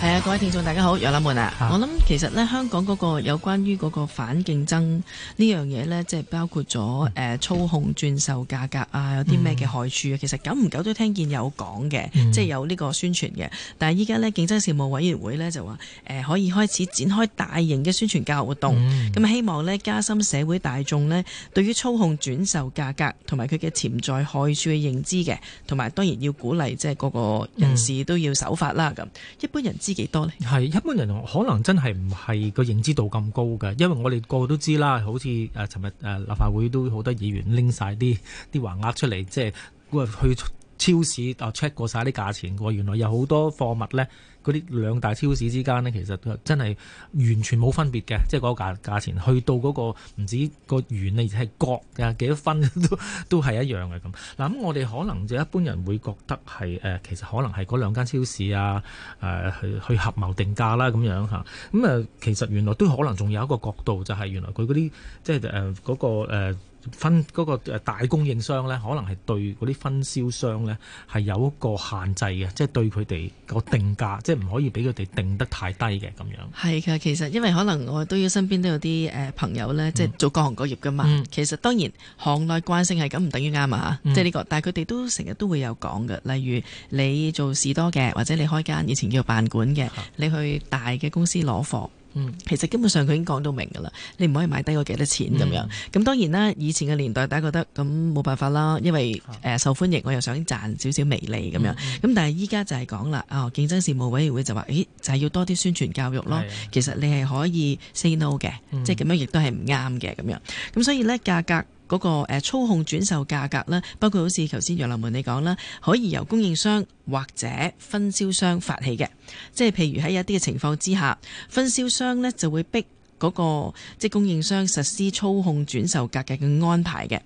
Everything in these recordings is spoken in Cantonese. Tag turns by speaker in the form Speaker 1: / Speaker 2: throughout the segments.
Speaker 1: 係啊，各位聽眾大家好，楊立門啊，我諗其實咧香港嗰個有關於嗰個反競爭呢樣嘢咧，即係包括咗誒、呃、操控轉售價格啊，有啲咩嘅害處啊，嗯、其實久唔久都聽見有講嘅，嗯、即係有呢個宣傳嘅。但係依家咧競爭事務委員會咧就話誒、呃、可以開始展開大型嘅宣傳教育活動，咁、嗯嗯、希望咧加深社會大眾咧對於操控轉售價格同埋佢嘅潛在害處嘅認知嘅，同埋當然要鼓勵即係嗰個人，人士都要守法啦。咁啦一般人知幾多咧？係一般人可能真係唔係個認知度咁高嘅，因為我哋個個
Speaker 2: 都知啦。好似誒，尋日誒立法會都好多議員拎晒啲啲橫額出嚟，即係，佢去超市啊 check 過晒啲價錢喎，原來有好多貨物咧，嗰啲兩大超市之間咧，其實真係完全冇分別嘅，即係嗰個價價錢去到嗰、嗰個唔止個元咧，而且係角啊幾多分 都都係一樣嘅咁。嗱咁、啊、我哋可能就一般人會覺得係誒、呃，其實可能係嗰兩間超市啊誒、呃、去去合謀定價啦咁樣嚇。咁啊，其實原來都可能仲有一個角度，就係、是、原來佢嗰啲即係誒嗰個、呃分嗰、嗰個大供應商咧，可能係對嗰啲分銷商咧係有一個限制嘅，即係對佢哋個定價，即係唔可以俾佢哋定得太低嘅咁樣。
Speaker 1: 係㗎，其實因為可能我都要身邊都有啲誒朋友咧，即、就、係、係、做各行各業嘅嘛。嗯、其實當然行內慣性係咁，唔等於啱啊，即係呢個。但係佢哋都成日都會有講嘅，例如你做士多嘅，或者你開間以前叫做辦館嘅，你去大嘅公司攞貨。嗯，其實根本上佢已經講到明㗎啦，你唔可以買低過幾多錢咁、嗯、樣。咁當然啦，以前嘅年代大家覺得咁冇辦法啦，因為誒、呃、受歡迎，我又想賺少少微利咁樣。咁、嗯嗯、但係依家就係講啦，哦競爭事務委員會就話，誒就係、是、要多啲宣傳教育咯。嗯、其實你係可以 say no 嘅，即係咁樣亦都係唔啱嘅咁樣。咁所以呢價格。嗰個操控轉售價格咧，包括好似頭先楊立文你講啦，可以由供應商或者分銷商發起嘅，即係譬如喺一啲嘅情況之下，分銷商呢就會逼嗰、嗰個即係供應商實施操控轉售價格嘅安排嘅，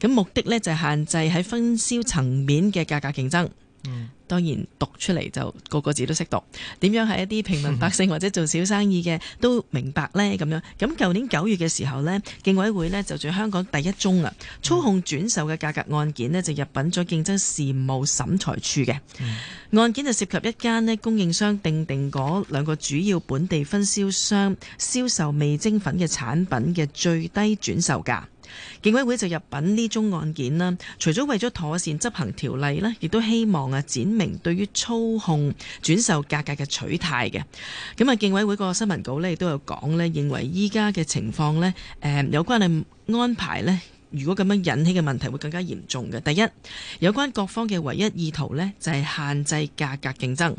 Speaker 1: 咁、嗯、目的呢就係、係、限制喺分銷層面嘅價格競爭。嗯當然讀出嚟就個個字都識讀，點樣係一啲平民百姓或者做小生意嘅都明白呢？咁樣。咁舊年九月嘅時候呢，競委會呢就住香港第一宗啊操控轉售嘅價格案件呢，就入禀咗競爭事務審裁處，嘅案件就涉及一間呢供應商訂定嗰兩個主要本地分銷商銷售味精粉嘅產品嘅最低轉售價。競委會就入禀呢宗案件啦，除咗為咗妥善執行條例呢，亦都希望啊，闡明對於操控轉售價格嘅取態嘅。咁啊，競委會個新聞稿呢亦都有講呢，認為依家嘅情況呢，誒、呃，有關嘅安排呢，如果咁樣引起嘅問題會更加嚴重嘅。第一，有關各方嘅唯一意圖呢，就係限制價格競爭。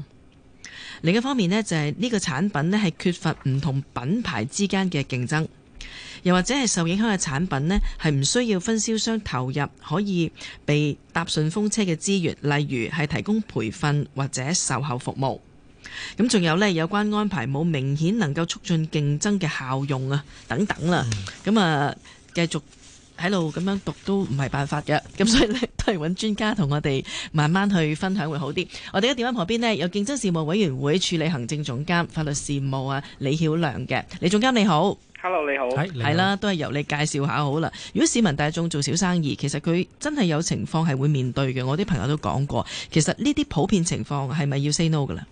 Speaker 1: 另一方面呢、就是，就係呢個產品呢，係缺乏唔同品牌之間嘅競爭。又或者係受影響嘅產品呢，係唔需要分銷商投入可以被搭順風車嘅資源，例如係提供培訓或者售後服務。咁仲有呢，有關安排冇明顯能夠促進競爭嘅效用啊，等等啦。咁啊，繼、mm. 嗯啊、續喺度咁樣讀都唔係辦法嘅。咁所以咧，都係揾專家同我哋慢慢去分享會好啲。我哋嘅電話旁邊呢，有競爭事務委員會署理行政總監法律事務啊，李曉亮嘅李總監你好。
Speaker 3: Hello 你好，係 Hey, 好啦，
Speaker 1: 都係由你介紹下好啦。如果市民大眾做小生意，其實佢真係有情況係會面對嘅。我啲朋友都講過，其實呢啲普遍情況係咪要 say no 嘅啦？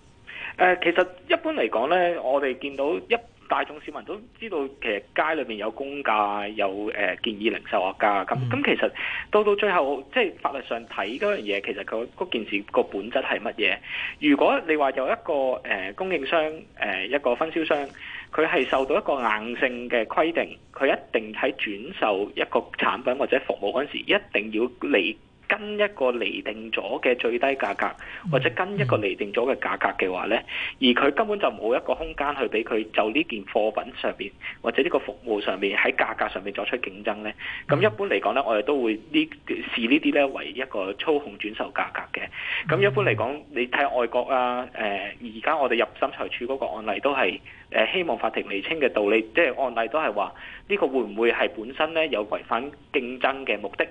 Speaker 2: 誒、呃，
Speaker 3: 其實一般嚟講咧，我哋見到一大眾市民都知道，其實街裏面有公價，有誒、呃、建議零售物價咁。咁、嗯、其實到到最後，即係法律上睇嗰樣嘢，其實佢嗰件事個本質係乜嘢？如果你話有一個誒、呃、供應商，誒、呃、一個分銷商。佢係受到一個硬性嘅規定，佢一定喺轉售一個產品或者服務嗰陣時，一定要理。跟一個厘定咗嘅最低價格，或者跟一個厘定咗嘅價格嘅話呢，而佢根本就冇一個空間去俾佢就呢件貨品上邊或者呢個服務上面，喺價格上面作出競爭呢。咁一般嚟講呢，我哋都會呢視呢啲呢為一個操控轉售價格嘅。咁一般嚟講，你睇外國啊，誒而家我哋入審裁處嗰個案例都係誒、呃、希望法庭釐清嘅道理，即係案例都係話呢個會唔會係本身呢有違反競爭嘅目的？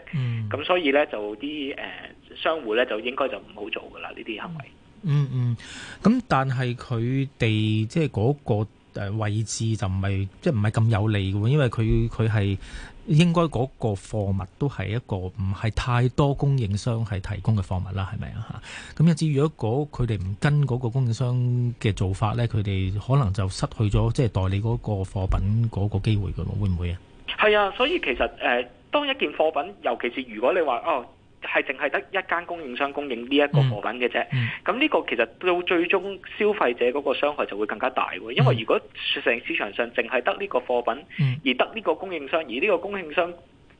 Speaker 3: 咁所以呢，就，啲誒商戶咧，就應該就唔好做噶啦，呢
Speaker 2: 啲行為嗯嗯，咁、嗯、但係佢哋即係嗰個誒位置就唔係即係唔係咁有利嘅，因為佢佢係應該嗰個貨物都係一個唔係太多供應商係提供嘅貨物啦，係咪啊？吓、嗯，咁有至如果嗰佢哋唔跟嗰個供應商嘅做法咧，佢哋可能就失去咗即係代理嗰個貨品嗰個機會嘅喎，會唔會啊？
Speaker 3: 係啊，所以其實誒、呃、當一件貨品，尤其是如果你話哦。係淨係得一間供應商供應呢一個貨品嘅啫，咁呢、嗯嗯、個其實到最終消費者嗰個傷害就會更加大，因為如果成市場上淨係得呢個貨品，而得呢個供應商，而呢個供應商。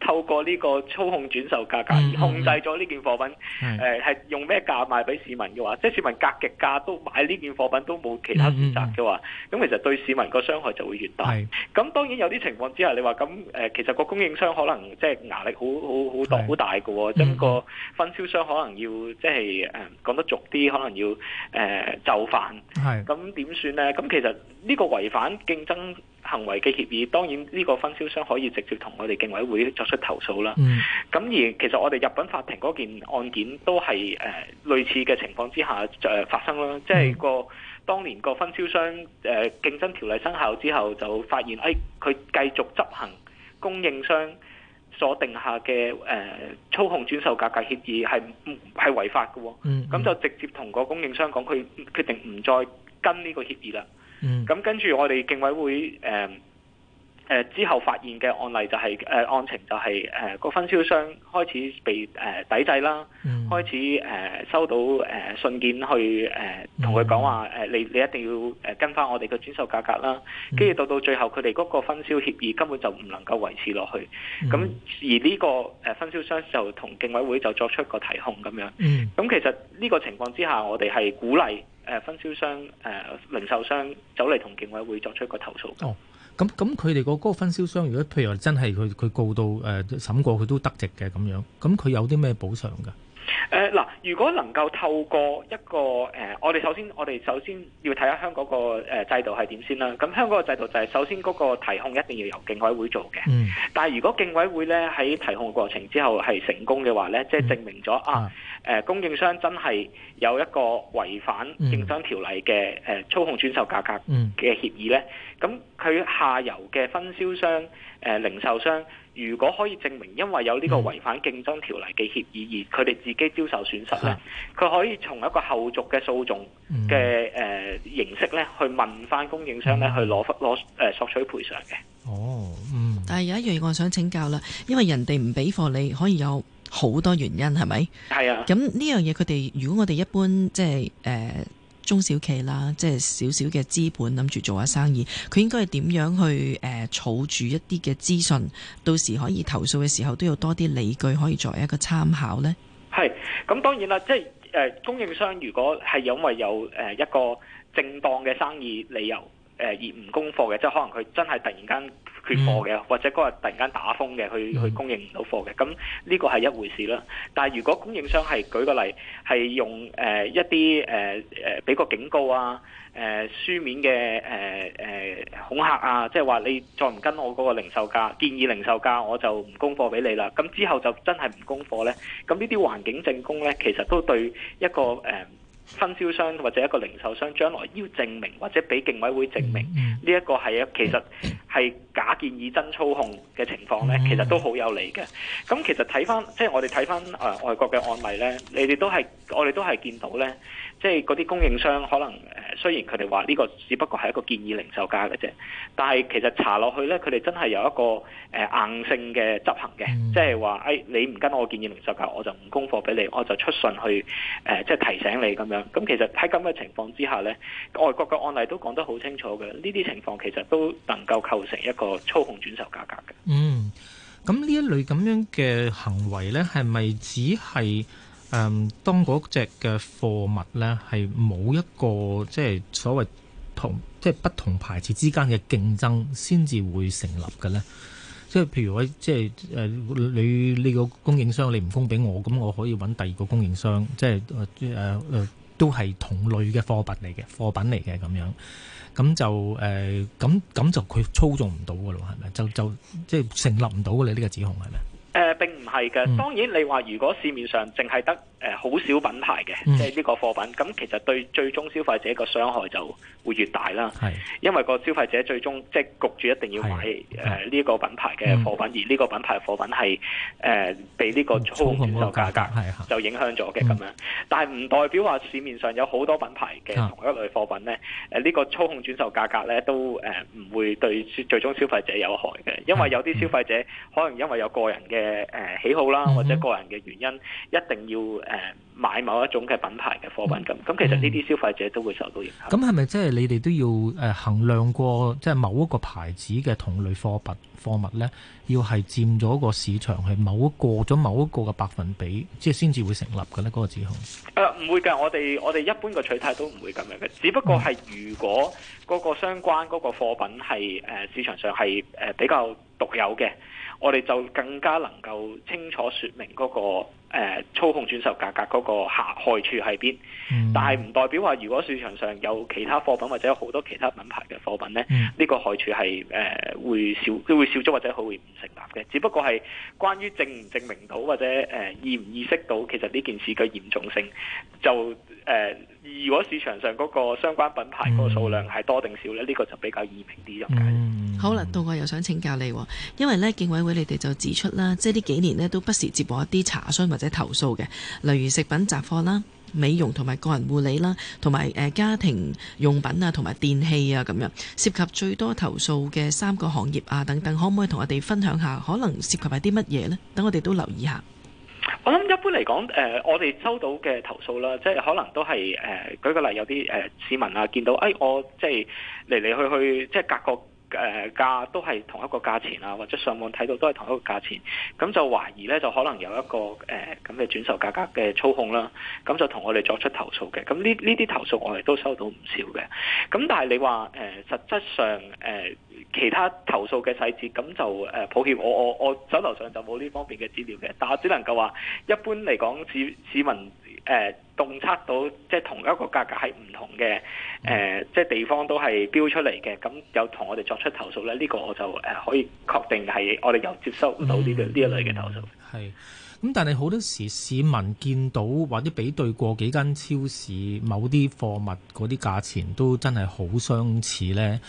Speaker 3: 透過呢個操控轉售價格控制咗呢件貨品，誒係用咩價賣俾市民嘅話，即係市民格極價都買呢件貨品都冇其他選擇嘅話，咁其實對市民個傷害就會越大。咁當然有啲情況之下，你話咁誒，其實個供應商可能即係壓力好好好大好大嘅喎，咁個分銷商可能要即係誒講得俗啲，可能要誒就範。係咁點算咧？咁其實呢個違反競爭行為嘅協議，當然呢個分銷商可以直接同我哋競委會作出投訴啦。咁、嗯、而其實我哋入稟法庭嗰件案件都係誒類似嘅情況之下誒發生啦。嗯、即係個當年個分銷商誒競爭條例生效之後，就發現誒佢、哎、繼續執行供應商所定下嘅誒、呃、操控轉售價格,格協議係係違法嘅喎。咁、嗯嗯、就直接同個供應商講，佢決定唔再跟呢個協議啦。咁、嗯、跟住我哋競委會誒誒、呃呃、之後發現嘅案例就係、是、誒、呃、案情就係誒個分銷商開始被誒、呃、抵制啦，開始誒、呃、收到誒、呃、信件去誒同佢講話誒你你一定要誒跟翻我哋嘅轉售價格啦，跟住到到最後佢哋嗰個分銷協議根本就唔能夠維持落去，咁、嗯嗯、而呢個誒分銷商就同競委會就作出個提控咁樣，咁、嗯、其實呢個情況之下我哋係鼓勵。誒分銷商誒、呃、零售商走嚟同競委會作出一個投訴
Speaker 2: 嘅。哦，咁咁佢哋個嗰個分銷商，如果譬如話真係佢佢告到誒、呃、審過，佢都得直嘅咁樣，咁佢有啲咩補償㗎？誒
Speaker 3: 嗱、呃，如果能夠透過一個誒、呃，我哋首先我哋首先要睇下香港個誒、呃、制度係點先啦。咁香港個制度就係首先嗰個提控一定要由競委會做嘅。嗯。但係如果競委會咧喺提控過程之後係成功嘅話咧，即係證明咗、嗯、啊。誒供應商真係有一個違反競爭條例嘅誒操控轉售價格嘅協議呢，咁佢下游嘅分銷商、誒、呃、零售商，如果可以證明因為有呢個違反競爭條例嘅協議而佢哋自己遭受損失呢，佢的可以從一個後續嘅訴訟嘅誒、嗯呃、形式咧去問翻供應商呢去攞攞誒索取賠償嘅。哦，嗯。
Speaker 1: 但係有一樣嘢我想請教啦，因為人哋唔俾貨，你可以有？好多原因係咪？係是啊。咁呢樣嘢，佢哋如果我哋一般即係誒、呃、中小企啦，即係少少嘅資本諗住做下生意，佢應該係點樣去誒儲、呃、住一啲嘅資訊，到時可以投訴嘅時候都要多啲理據可以作為一個參考咧。係。
Speaker 3: 咁當然啦，即係誒、呃、供應商如果係因為有誒、呃、一個正當嘅生意理由誒、呃、而唔供貨嘅，即係可能佢真係突然間。缺貨嘅，嗯、或者嗰日突然間打風嘅，去、嗯、去供應唔到貨嘅，咁呢個係一回事啦。但係如果供應商係舉個例係用誒、呃、一啲誒誒俾個警告啊，誒、呃、書面嘅誒誒恐嚇啊，即係話你再唔跟我嗰個零售價，建議零售價，我就唔供貨俾你啦。咁之後就真係唔供貨呢。咁呢啲環境證供呢，其實都對一個誒、呃、分銷商或者一個零售商，將來要證明或者俾競委會證明呢一、這個係一其實。係假建議真操控嘅情況呢，其實都好有利嘅。咁其實睇翻，即係我哋睇翻誒外國嘅案例呢，你哋都係我哋都係見到呢，即係嗰啲供應商可能誒，雖然佢哋話呢個只不過係一個建議零售價嘅啫，但係其實查落去呢，佢哋真係有一個誒、呃、硬性嘅執行嘅，即係話誒你唔跟我建議零售價，我就唔供貨俾你，我就出信去誒即係提醒你咁樣。咁其實喺咁嘅情況之下呢，外國嘅案例都講得好清楚嘅，呢啲情況其實都能夠構。成、嗯、一個操
Speaker 2: 控轉售價格嘅，嗯，咁呢一類咁樣嘅行為咧，係咪只係誒當嗰隻嘅貨物咧係冇一個即係所謂同即係不同牌子之間嘅競爭先至會成立嘅咧？即係譬如我即係誒、呃、你呢個供應商你唔供俾我，咁我可以揾第二個供應商，即係誒誒。呃呃都係同類嘅貨品嚟嘅，貨品嚟嘅咁樣，咁就誒咁咁就佢操縱唔到㗎咯，係咪？就就即係成立唔到㗎，你呢個指控係咪？
Speaker 3: 誒、呃、並唔係嘅，嗯、當然你話如果市面上淨係得。誒好少品牌嘅，即係呢個貨品，咁其實對最終消費者個傷害就會越大啦。係是，因為個消費者最終即係焗住一定要買誒呢個品牌嘅貨品，而、呃、呢個品牌貨品係誒被呢個操控轉售價格，係就影響咗嘅咁樣，嗯、但係唔代表話市面上有好多品牌嘅同一類貨品咧，誒呢是、嗯、個操控轉售價格咧都誒唔會對最終消費者有害嘅，因為有啲消費者可能因為有個人嘅誒喜好啦，或者個人嘅原因，一定要誒。嗯誒，買某一種嘅品牌嘅貨品咁，咁、嗯、其實呢啲消費者都會受到影
Speaker 2: 響。咁係咪即係你哋都要誒衡量過，即係某一個牌子嘅同類貨品貨物呢要係佔咗個市場係某過咗某一個嘅百分比，即係先至會成立嘅呢嗰、那個指控
Speaker 3: 誒？唔、呃、會嘅，我哋我哋一般嘅取態都唔會咁樣嘅，只不過係如果嗰個相關嗰個貨品係誒、嗯、市場上係誒比較獨有嘅。我哋就更加能夠清楚説明嗰、那個、呃、操控轉售價格嗰個害害處喺邊。嗯、但係唔代表話，如果市場上有其他貨品或者有好多其他品牌嘅貨品呢，呢、嗯、個害處係誒、呃、會少，都會少咗或者佢會唔承擔嘅。只不過係關於證唔證明到或者誒、呃、意唔意識到其實呢件事嘅嚴重性，就誒、呃，如果市場上嗰個相關品牌嗰個數量係多定少呢，呢、嗯、個就比較易明啲咁
Speaker 1: 解。嗯好啦，到我，又想請教你，因為呢，競委會你哋就指出啦，即係呢幾年呢，都不時接獲一啲查詢或者投訴嘅，例如食品雜貨啦、美容同埋個人護理啦，同埋誒家庭用品啊，同埋電器啊咁樣，涉及最多投訴嘅三個行業啊等等，可唔可以同我哋分享下可能涉及係啲乜嘢呢？等我哋都留意下。
Speaker 3: 我諗一般嚟講，誒、呃、我哋收到嘅投訴啦，即係可能都係誒、呃、舉個例，有啲誒、呃、市民啊見到，誒、哎、我即係嚟嚟去去即係隔個，隔誒價都係同一個價錢啊，或者上網睇到都係同一個價錢，咁就懷疑呢，就可能有一個誒咁嘅轉售價格嘅操控啦，咁就同我哋作出投訴嘅。咁呢呢啲投訴我哋都收到唔少嘅，咁但係你話誒、呃、實質上誒、呃、其他投訴嘅細節，咁就誒抱歉我，我我我手頭上就冇呢方面嘅資料嘅，但我只能夠話一般嚟講，市市民。誒、呃，洞察到即係同一個價格係唔同嘅，誒、呃，即係地方都係標出嚟嘅，咁有同我哋作出投訴咧，呢、這個我就誒可以確定係我哋又接收唔到呢類呢一、嗯、類嘅投訴。
Speaker 2: 係、嗯。咁但係好多時市民見到或者比對過幾間超市某啲貨物嗰啲價錢都真係好相似呢。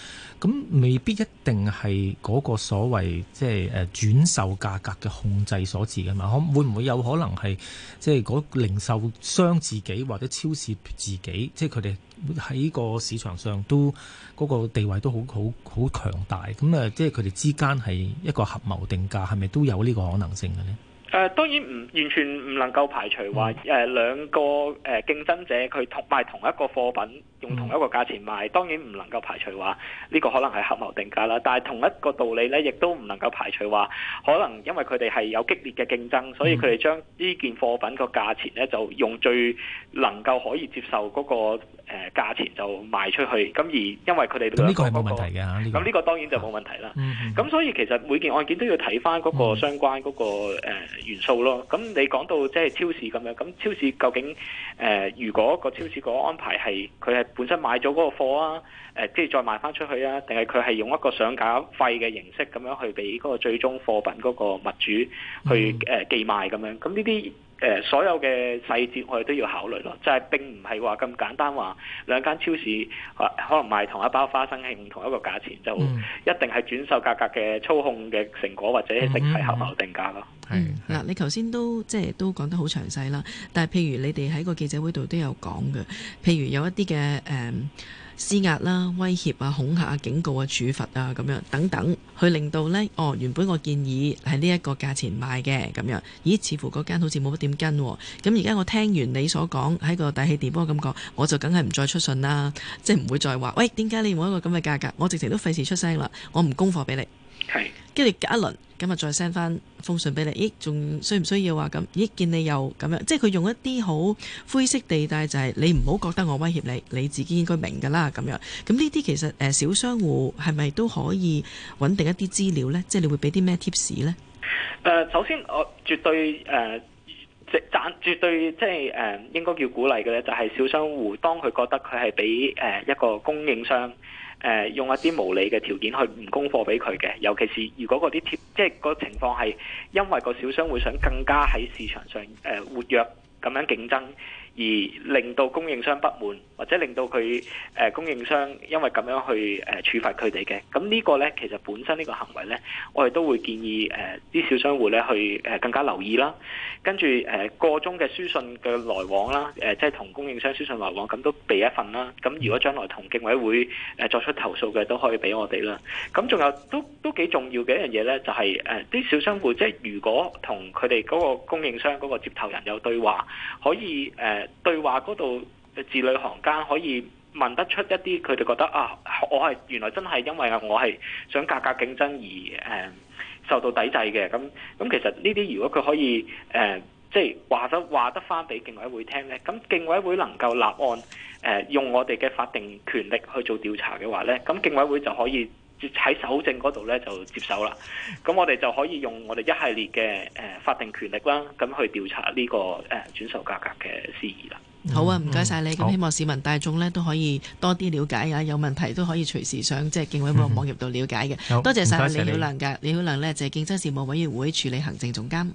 Speaker 2: 咁未必一定係嗰個所謂即係誒轉售價格嘅控制所致噶嘛？可會唔會有可能係即係嗰零售商自己或者超市自己，即係佢哋喺個市場上都嗰個地位都好好好強大，咁啊即係佢哋之間係一個合謀定價，係咪都有呢個可能性嘅呢？
Speaker 3: 誒，uh，當然唔完全唔能夠排除話，誒、呃，兩個誒、呃、競爭者佢同賣同一個貨品。用同一個價錢賣，當然唔能夠排除話呢個可能係合謀定價啦。但係同一個道理咧，亦都唔能夠排除話可能因為佢哋係有激烈嘅競爭，所以佢哋將呢件貨品個價錢咧，就用最能夠可以接受嗰個誒價錢，就賣出去。咁而因為佢哋，咁呢個冇問題嘅，咁呢個當然就冇問題啦。咁、啊嗯嗯、所以其實每件案件都要睇翻嗰個相關嗰個誒元素咯。咁、嗯、你講到即係超市咁樣，咁超市究竟誒、呃、如果個超市個安排係佢係。本身買咗嗰個貨啊，誒、呃，即係再賣翻出去啊，定係佢係用一個上架費嘅形式咁樣去俾嗰個最終貨品嗰個物主去誒寄、嗯呃、賣咁樣。咁呢啲？誒、呃、所有嘅細節我哋都要考慮咯，即係並唔係話咁簡單話兩間超市可能賣同一包花生係唔同一個價錢，嗯、就一定係轉售價格嘅操控嘅成果，或者係整體合謀定價咯。
Speaker 1: 係嗱、嗯嗯，你頭先都即係都講得好詳細啦。但係譬如你哋喺個記者會度都有講嘅，譬如有一啲嘅誒。嗯施壓啦、啊、威脅啊、恐嚇啊、警告啊、處罰啊，咁樣等等，去令到呢，哦，原本我建議係呢一個價錢賣嘅，咁樣，咦，似乎嗰間好似冇乜點跟、啊，咁而家我聽完你所講喺個大氣電波咁講，我就梗係唔再出信啦，即係唔會再話，喂，點解你冇一個咁嘅價格，我直情都費事出聲啦，我唔供貨俾你。係，跟住隔一輪，今日再 send 翻封信俾你。咦？仲需唔需要話咁？咦？見你又咁樣，即係佢用一啲好灰色地帶，就係、是、你唔好覺得我威脅你，你自己應該明噶啦。咁樣，咁呢啲其實誒、呃，小商戶係咪都可以搵定一啲資料呢？即係你會俾啲咩貼士呢？誒、
Speaker 3: 呃，首先我絕對誒，贊、呃、絕對即係誒，應該叫鼓勵嘅咧，就係小商戶，當佢覺得佢係俾誒一個供應商。誒用一啲無理嘅條件去唔供貨俾佢嘅，尤其是如果嗰啲，即係個情況係因為個小商會想更加喺市場上誒活躍，咁樣競爭。而令到供應商不滿，或者令到佢誒、呃、供應商因為咁樣去誒、呃、處罰佢哋嘅，咁呢個呢，其實本身呢個行為呢，我哋都會建議誒啲、呃、小商戶呢去誒、呃、更加留意啦。跟住誒個中嘅書信嘅來往啦，誒、呃、即係同供應商書信來往，咁都備一份啦。咁如果將來同競委會誒作出投訴嘅，都可以俾我哋啦。咁仲有都都幾重要嘅一樣嘢呢，就係誒啲小商戶即係如果同佢哋嗰個供應商嗰個接頭人有對話，可以誒。對話嗰度字裏行間可以問得出一啲，佢哋覺得啊，我係原來真係因為啊，我係想價格，格競爭而誒、嗯、受到抵制嘅。咁咁其實呢啲如果佢可以誒、嗯、即係話得話得返俾競委會聽咧，咁競委會能夠立案誒、呃、用我哋嘅法定權力去做調查嘅話咧，咁競委會就可以。喺搜證嗰度咧就接手啦，咁我哋就可以用我哋一系列嘅誒法定權力啦，咁去調查呢個誒轉售價格嘅事宜啦。好啊，唔該曬你，咁希
Speaker 1: 望市民大眾咧都可以多啲瞭解啊，有問題都可以隨時上即係競委會網頁度瞭解嘅。多謝曬李曉亮㗎，李曉亮咧就係競爭事務委員會署理行政總監。